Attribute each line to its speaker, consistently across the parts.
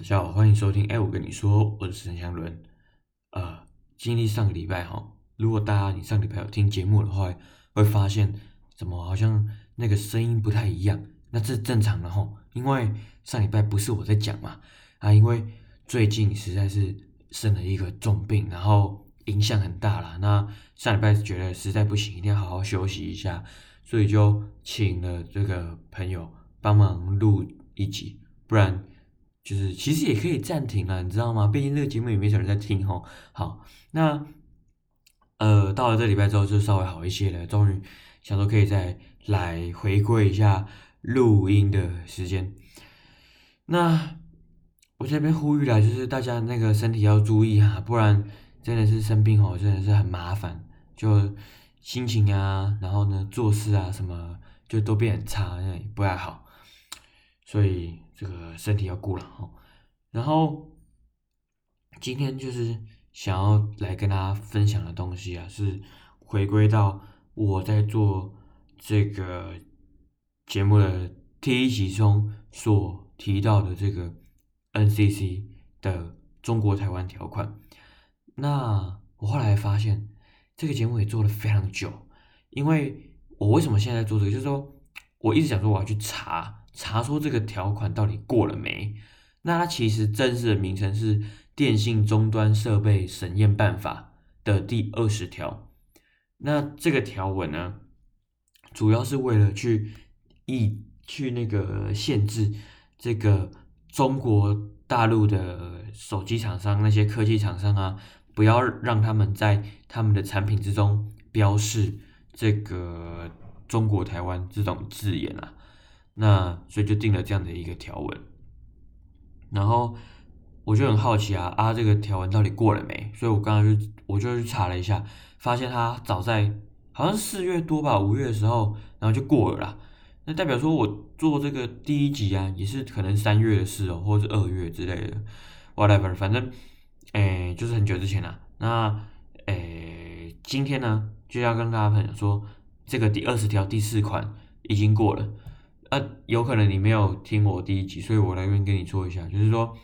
Speaker 1: 大家好，歡迎收聽。哎，我跟你說，我是陳祥倫。呃，經歷上個禮拜哈，如果大家你上個禮拜有聽節目的話，會發現怎麼好像那個聲音不太一樣。那這是正常的吼，因為上禮拜不是我在講嘛啊，因為最近實在是生了一個重病，然後影響很大了。那上禮拜覺得實在不行，一定要好好休息一下，所以就請了這個朋友幫忙錄一集，不然。就是其實也可以暫停了，你知道嗎？畢竟這個節目也沒什麼人在聽吼。好，那呃到了這禮拜之後就稍微好一些了，終於想說可以再來回歸一下錄音的時間。那我這邊呼籲了，就是大家那個身體要注意哈，不然真的是生病吼，真的是很麻煩，就心情啊，然後呢做事啊什麼就都變很差，那也不太好。所以這個身體要顧了哈，然後今天就是想要來跟大家分享的東西啊，是回歸到我在做這個節目的第一集中所提到的這個 NCC 的中國台灣條款。那我後來發現這個節目也做了非常久，因為我為什麼現在在做這個，就是說我一直想說我要去查。查出這個條款到底過了沒？那它其實正式的名稱是《電信終端設備審驗辦法》的第二十條。那這個條文呢，主要是為了去一去那個限制這個中國大陸的手機廠商那些科技廠商啊，不要讓他們在他們的產品之中標示這個“中國台灣”這種字眼啊。那所以就定了這樣的一個條文，然後我就很好奇啊，啊這個條文到底過了沒？所以我剛剛就我就去查了一下，發現它早在好像四月多吧，五月的時候，然後就過了啦。那代表說我做這個第一集啊，也是可能三月的事哦，喔，或是二月之類的，whatever，反正誒，欸，就是很久之前啦，啊。那誒，欸、今天呢就要跟大家分享說，這個第二十條第四款已經過了。呃、啊，有可能你沒有聽我第一集，所以我來跟跟你說一下，就是說，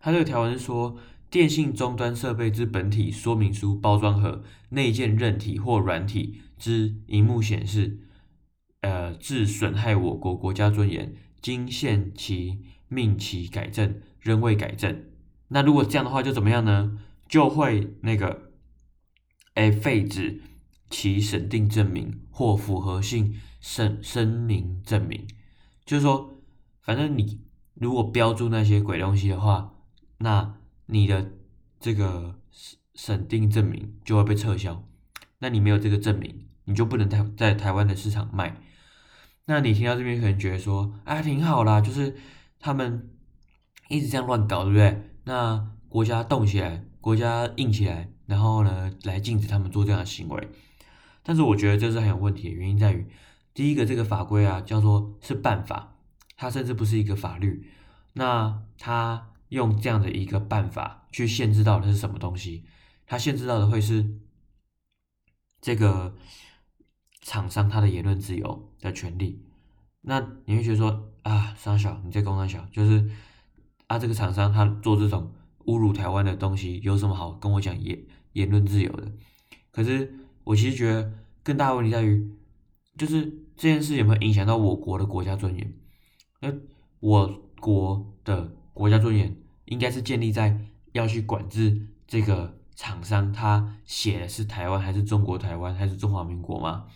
Speaker 1: 它這個條文是說，電信終端設備之本體說明書、包裝盒內建韌體或軟體之熒幕顯示，呃，致損害我國國家尊嚴，經限期命其改正，仍未改正，那如果這樣的話就怎麼樣呢？就會那個，哎，廢止其審定證明或符合性審聲明證明。就是說，反正你如果標注那些鬼東西的話，那你的這個審審定證明就會被撤銷。那你沒有這個證明，你就不能在在台灣的市場賣。那你聽到這邊可能覺得說，啊、哎，挺好啦，就是他們一直這樣亂搞，對不對？那國家動起來，國家硬起來，然後呢，來禁止他們做這樣的行為。但是我覺得這是很有問題的，原因在於。第一個這個法規啊，叫做是辦法，它甚至不是一個法律。那它用這樣的一個辦法去限制到的是什麼東西？它限制到的會是這個廠商他的言論自由的權利。那你會覺得說啊，三小你在工三小，就是啊這個廠商他做這種侮辱台灣的東西，有什麼好跟我講言言論自由的？可是我其實覺得更大的問題在於，就是。這件事有沒有影響到我國的國家尊嚴？那我國的國家尊嚴應該是建立在要去管制這個廠商，他寫的是台灣還是中國台灣還是中華民國嗎？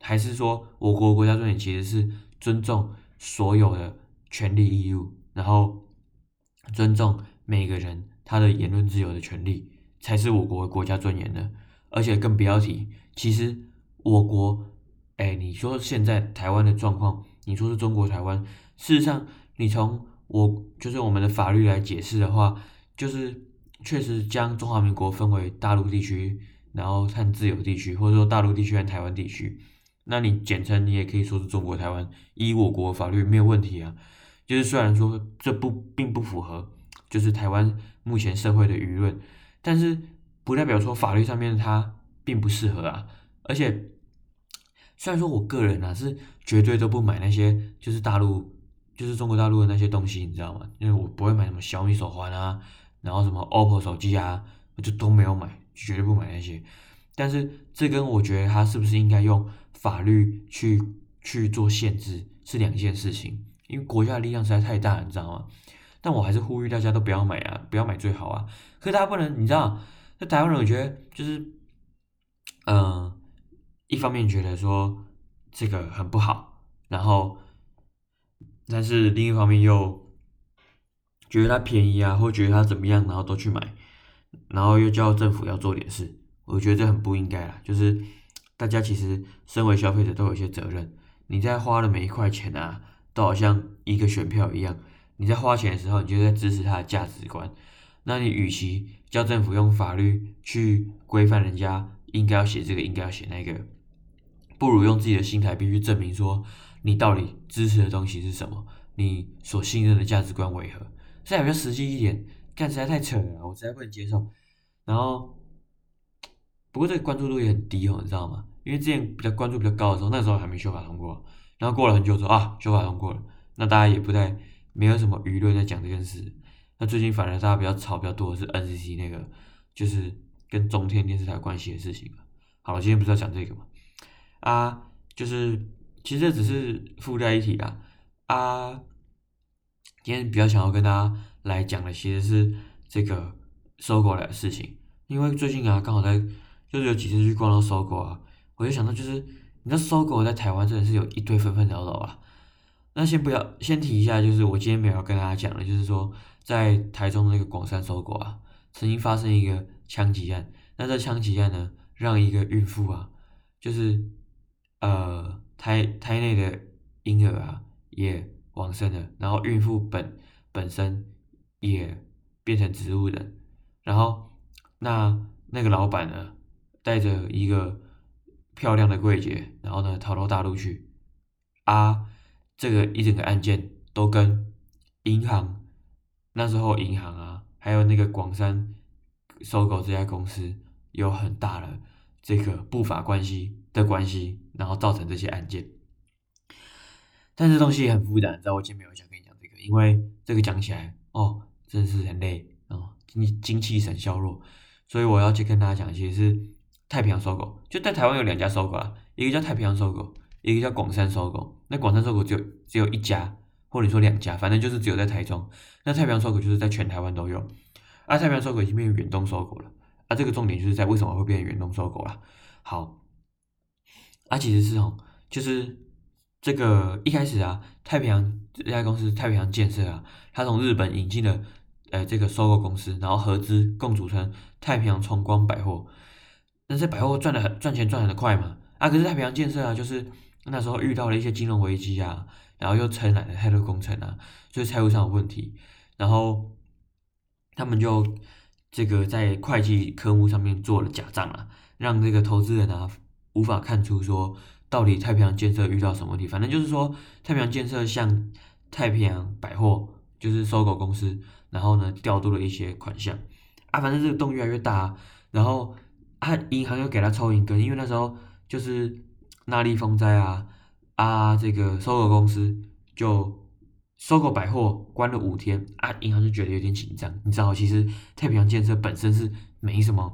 Speaker 1: 還是說我國國家尊嚴其實是尊重所有的權利義務，然後尊重每個人他的言論自由的權利，才是我國的國家尊嚴的？而且更不要提，其實我國。哎、欸，你說現在台灣的狀況，你說是中國台灣。事實上，你從我就是我們的法律來解釋的話，就是確實將中華民國分為大陸地區，然後和自由地區，或者說大陸地區跟台灣地區。那你簡稱你也可以說是中國台灣，依我國法律沒有問題啊。就是雖然說這不並不符合，就是台灣目前社會的輿論，但是不代表說法律上面它並不適合啊，而且。雖然說，我個人呢、啊、是絕對都不買那些，就是大陸，就是中國大陸的那些東西，你知道嗎？因為我不會買什麼小米手環啊，然後什麼 OPPO 手機啊，我就都沒有買，絕對不買那些。但是這跟我覺得他是不是應該用法律去去做限制是兩件事情，因為國家的力量實在太大了，你知道嗎？但我還是呼籲大家都不要買啊，不要買最好啊。可是大家不能，你知道，那台灣人，我覺得就是，嗯、呃。一方面覺得說這個很不好，然後，但是另一方面又覺得它便宜啊，或覺得它怎麼樣，然後都去買，然後又叫政府要做點事，我覺得這很不應該啦。就是大家其實身為消費者都有一些責任，你在花的每一塊錢啊，都好像一個選票一樣。你在花錢的時候，你就在支持他的價值觀。那你與其叫政府用法律去規範人家應該要寫這個，應該要寫那個。不如用自己的心態，必須證明說你到底支持的東西是什麼，你所信任的價值觀為何？現在比較實際一點，這樣實在太扯了，我實在不能接受。然後，不過這個關注度也很低哦，你知道嗎？因為之前比較關注比較高的時候，那時候還沒修法通過。然後過了很久之後啊，修法通過了，那大家也不再沒有什麼輿論在講這件事。那最近反而大家比較吵比較多的是 NCC 那個，就是跟中天電視台有關係的事情。好了，今天不是要講這個嗎？啊，就是其實這只是附帶一提啊。啊，今天比較想要跟大家來講的其實是這個 SOGO 的事情，因為最近啊剛好在就是有幾次去逛到 SOGO 啊，我就想到就是你知道 SOGO 在台灣真的是有一堆紛紛擾擾啊。那先不要先提一下，就是我今天沒有要跟大家講的，就是說在台中的那個廣三 SOGO 啊，曾經發生一個槍擊案。那這槍擊案呢，讓一個孕婦啊，就是。呃，胎胎內的嬰兒啊，也往生了，然後孕婦本本身也變成植物人，然後那那個老闆呢，帶着一個漂亮的櫃姐，然後呢逃到大陸去啊，這個一整個案件都跟銀行那時候銀行啊，還有那個廣山收購這家公司有很大的這個不法關係的關係。然後造成這些案件，但這東西很複雜，在我前面我想跟你講這個，因為這個講起來哦，真的是很累哦，你精，精氣神削弱，所以我要去跟大家講一些，其實是太平洋 SOGO，就在台灣有兩家 SOGO 啊，一個叫太平洋 SOGO，一個叫廣三 SOGO。那廣三 SOGO 只有只有一家，或者說兩家，反正就是只有在台中。那太平洋 SOGO 就是在全台灣都有，啊，太平洋 SOGO 已經變成遠東 SOGO 了，啊，這個重點就是在為什麼會變成遠東 SOGO 了，好。啊，其實是這種就是這個一開始啊，太平洋這家公司，太平洋建設啊，他從日本引進了呃這個收購公司，然後合資共組成太平洋崇光百貨。那這百貨賺的很賺錢，賺很快嘛。啊，可是太平洋建設啊，就是那時候遇到了一些金融危機啊，然後又承攬了太多工程啊，所以財務上有問題，然後他們就這個在會計科目上面做了假賬啊，讓這個投資人啊。無法看出說到底太平洋建設遇到什麼問題，反正就是說太平洋建設向太平洋百貨就是收購公司，然後呢調度了一些款項啊，反正這個洞越來越大，啊，然後啊銀行又給他抽銀根，因為那時候就是納莉風災啊，啊這個收購公司就收購百貨關了五天啊，銀行就覺得有點緊張，你知道其實太平洋建設本身是沒什麼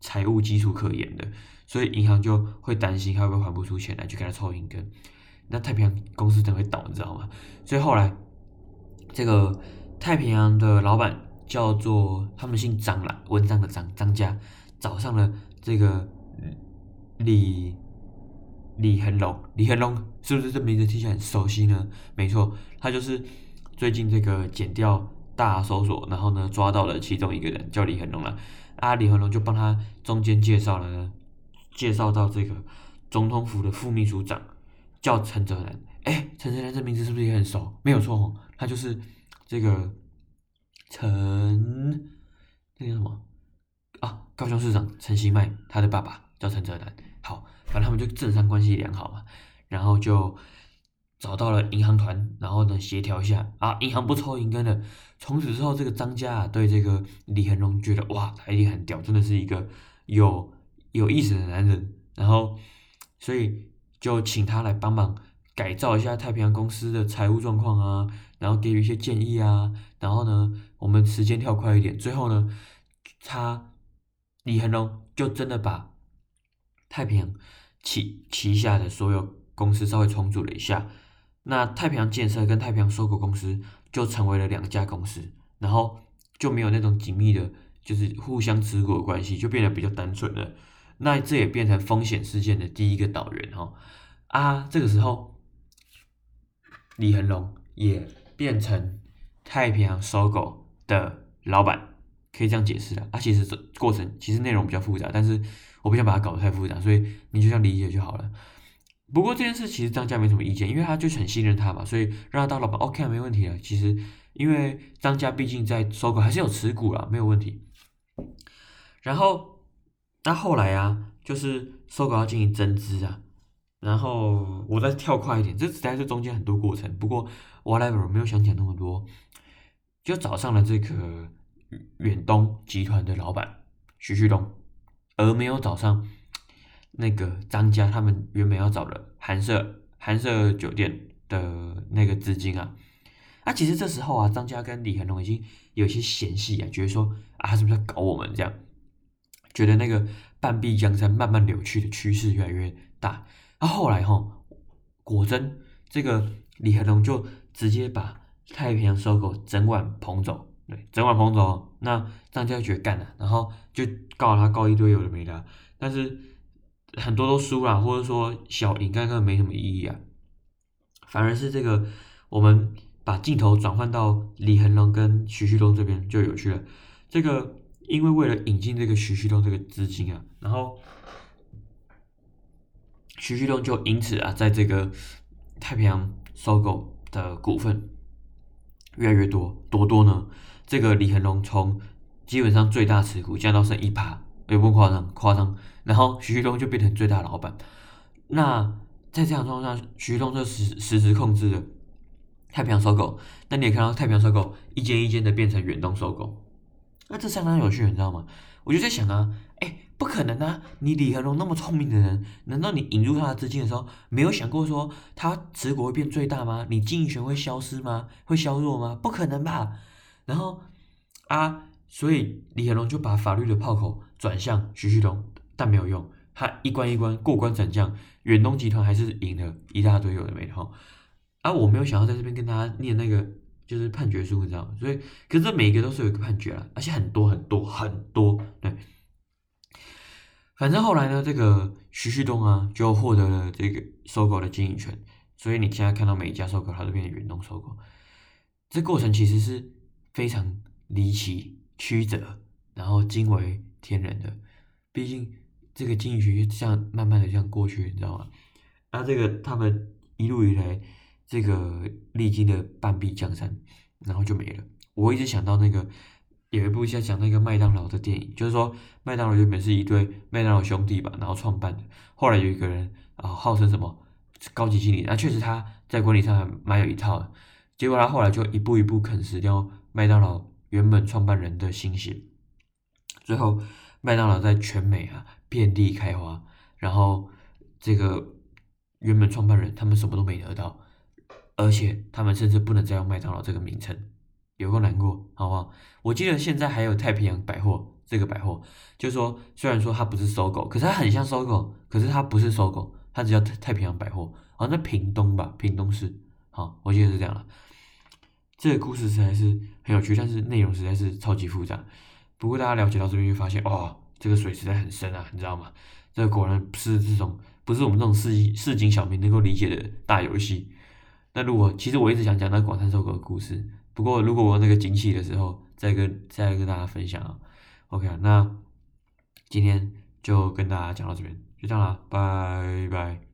Speaker 1: 財務基礎可言的。所以銀行就會擔心他會不會還不出錢來，就給他抽銀根。那太平洋公司怎麼會倒？你知道嗎？所以後來，這個太平洋的老闆叫做他們姓張啦，文章的張，張家找上了這個李李恆龍。李恆龍是不是這名字聽起來很熟悉呢？沒錯，他就是最近這個檢調大搜索，然後呢抓到了其中一個人叫李恆龍啦。啊，李恆龍就幫他中間介紹了呢。介紹到這個總統府的副秘書長叫陳哲男，哎、欸，陳哲男這名字是不是也很熟？沒有錯哦，他就是這個陳，那個什麼啊？高雄市長陳其邁，他的爸爸叫陳哲男。好，反正他們就政商關係良好嘛，然後就找到了銀行團，然後呢協調一下啊，銀行不抽銀根的。從此之後，這個張家啊對這個李恆龍覺得哇，他一定很屌，真的是一個有。有意思的男人，然後，所以就請他來幫忙改造一下太平洋公司的財務狀況啊，然後給予一些建議啊，然後呢，我們時間跳快一點，最後呢，他李恆龍就真的把太平洋旗旗下的所有公司稍微重組了一下，那太平洋建設跟太平洋收購公司就成為了兩家公司，然後就沒有那種緊密的，就是互相持股的關係，就變得比較單純了。那這也變成風險事件的第一個導員哈、哦、啊，這個時候李恆龍也變成太平洋 SOGO 的老板，可以這樣解釋的啊。其實這過程其實內容比較複雜，但是我不想把它搞得太複雜，所以你就這樣理解就好了。不過這件事其實張家沒什麼意見，因為他就很信任他嘛，所以讓他當老板，OK，沒問題的。其實因為張家畢竟在 SOGO 還是有持股了，沒有問題。然後。那後來啊，就是收購，要進行增資啊，然後我再跳快一點，這實在是中間很多過程。不過 whatever 來來沒有想講那麼多，就找上了這個遠東集團的老闆徐旭東，而沒有找上那個張家他們原本要找的寒舍、寒舍酒店的那個資金啊。啊，其實這時候啊，張家跟李成龍已經有些嫌隙啊，覺得說啊，他是不是在搞我們這樣。覺得那個半壁江山慢慢扭曲的趨勢越來越大，然、啊、後來哈，果真這個李恆隆就直接把太平洋收購整碗捧走，對，整碗捧走，那張家絕幹了，然後就告他告一堆有的沒的，但是很多都輸了，或者說小贏，根本沒什麼意義啊。反而是這個，我們把鏡頭轉換到李恆隆跟徐旭東這邊就有趣了，這個。因為為了引進這個徐旭東這個資金啊，然後徐旭東就因此啊，在這個太平洋 SOGO 的股份越來越多，多多呢，這個李恆隆從基本上最大持股降到剩一趴，也不誇張，誇張，然後徐旭東就變成最大老闆。那在這樣的狀況下，徐旭東就實實時控制了太平洋 SOGO。那你也看到太平洋 SOGO 一間一間的變成遠東 SOGO。那、啊、這相當有趣，你知道嗎？我就在想啊，哎、欸，不可能啊！你李恆隆那麼聰明的人，難道你引入他的資金的時候，沒有想過說他持股會變最大嗎？你經營權會消失嗎？會削弱嗎？不可能吧！然後啊，所以李恆隆就把法律的炮口轉向徐旭東，但沒有用。他一關一關過關斬將，遠東集團還是贏了一大堆有的沒的哈。啊，我沒有想要在這邊跟他念那個。就是判決書，你知道嗎？所以可是每一個都是有一個判決啊，而且很多很多很多，很多，對。反正後來呢，這個徐旭東啊，就獲得了這個收購的經營權，所以你現在看到每一家收購，它都變成遠東收購。這過程其實是非常離奇曲折，然後驚為天人的，畢竟這個經營權這樣慢慢的這樣過去，你知道嗎？那這個他們一路以來。這個歷經的半壁江山，然後就沒了。我一直想到那個有一部像講那個麥當勞的電影，就是說麥當勞原本是一對麥當勞兄弟吧，然後創辦的。後來有一個人啊、呃，號稱什麼高級經理，那、啊、確實他在管理上還蠻有一套的。結果他後來就一步一步啃食掉麥當勞原本創辦人的心血，最後麥當勞在全美啊遍地開花，然後這個原本創辦人他們什麼都沒得到。而且他們甚至不能再用麥當勞這個名稱，有夠難過，好不好？我記得現在還有太平洋百貨這個百貨，就是、說雖然說它不是收購，可是它很像收購，可是它不是收購，它只叫太太平洋百貨。好像在屏東吧，屏東市。好，我記得是這樣了。這個故事實在是很有趣，但是內容實在是超級複雜。不過大家了解到這邊就發現，哇、哦，這個水實在很深啊，你知道嗎？這個、果然不是這種不是我們這種市市井小民能夠理解的大遊戲。那如果其實我一直想講個那廣三 SOGO 的故事，不過如果我那個驚喜的時候再跟再跟大家分享啊，OK 啊，那今天就跟大家講到這邊就這樣啦，拜拜。